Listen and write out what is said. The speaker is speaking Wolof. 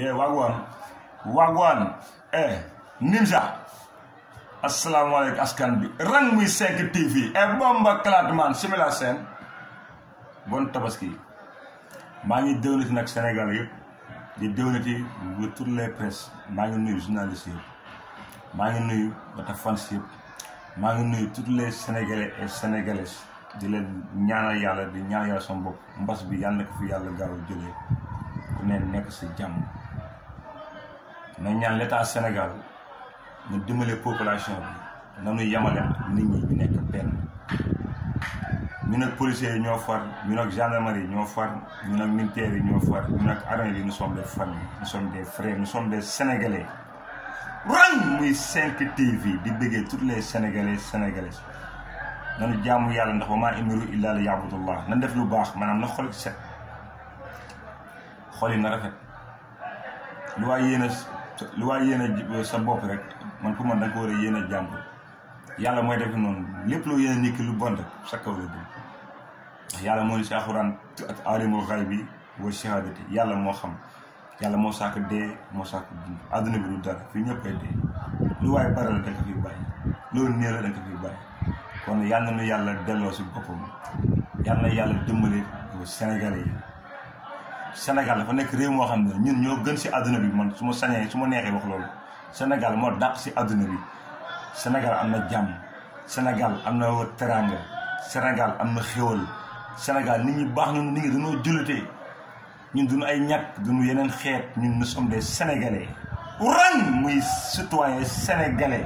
yeah wagwan wagwan eh nimsa asalaamaaleykum askan bi rang muy 5 TV e bomba cladman simila seen bon tabaski maa ngi déwnati nag Sénégal yëpp di déwnati bu toutes les presse maa ngi nuyu journaliste yëpp maa ngi nuyu bata fans yëpp maa ngi nuyu toutes les sénégalais et sénégalaises di leen ñaanal yàlla di ñaanal yàlla sama bopp mbas bi yàlla na fi yàlla gaaw a jëlee ku nekk si jàmm nañ ñaan l'état Sénégal mu dimbale population bi nanu yemale nit ñi ñu nekk benn ñun ak policiers yi ñoo far ñun ak gendarmerie yi ñoo far ñun ak militaires yi ñoo far ñun ak armée yi nous sommes des familles nous sommes des frères nous sommes des sénégalais rang muy 5 TV di bëggee tous les sénégalais sénégalaises nanu jaamu yàlla ndax wa maa umiru illaa li yaabudullah nan def lu baax maanaam na xol set xol yi na rafet lu waay yéen a lu waay yéene euh, sa bopp rek man pour man da nga ko a yéene jàmbur yàlla mooy def noonu lépp loo yéene nit ki lu bon rek sa kaw la yàlla moo ni si alxuraan alimul xaybi wa yàlla moo xam yàlla moo sàkk dee moo sàkk dund àdduna bi du dara fii ñëpp a dee lu waaye bare la da nga ko fiy bàyyi loolu néew la da nga ko fiy bàyyi kon yàlla na yàlla delloo si boppam yàlla na yàlla dimbali sénégal yi Sénégal dafa nekk réew moo xam ne ñun ñoo gën si àdduna bi man su ma sañee su ma neexee wax loolu Sénégal moo dàq si àdduna bi Sénégal am na jàmm Sénégal am na teranga Sénégal am na xéwal Sénégal nit ñi baax nañu nit ñi dañoo jullitee ñun duñu ay ñàkk duñu yeneen xeet ñun nous sommes des sénégalais. ran muy citoyen sénégalais.